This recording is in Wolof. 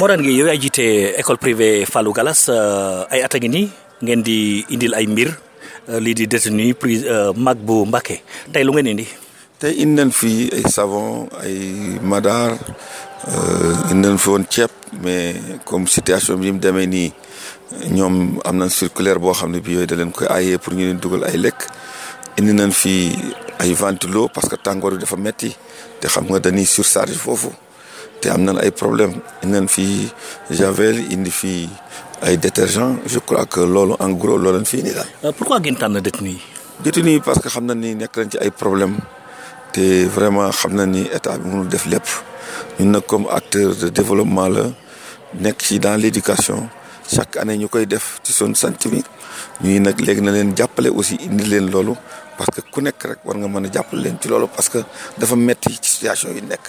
Morane Gueye yow yaa jiite école privée Fallou Gallas euh, ay at ngi nii ngeen di indil ay mbir euh, lii di nu détenu prise euh, mag bo Mbacké tey lu ngeen indi. tey indi nañ fi ay savon ay madar indi nan fi woon ceeb mais comme situation bi mu demee nii ñoom am nañ circulaire boo xam ne bi yooyu da leen koy aayee pour ñu leen dugal ay lekk indi nañ fi ay ventilo parce que tàngoor bi dafa metti te xam nga dañuy surcharge foofu. te am na nañ ay problème indi nañ fii javel indi fii ay détergent je crois que loolu en gros loolu lañ fii nii daal. Euh, pourquoi ngeen tànn détenu yi. parce que xam na ni nekk nañ ci ay problème te vraiment xam na ni état bi mënul def lépp ñun nag comme acteur de développement la nekk ci dans l'éducation chaque année ñu koy def ci son sant bi ñuy nag léegi na leen jàppale aussi indi leen loolu parce que ku nekk rek war nga mën a jàppale leen ci loolu parce que dafa metti ci situation yi nekk.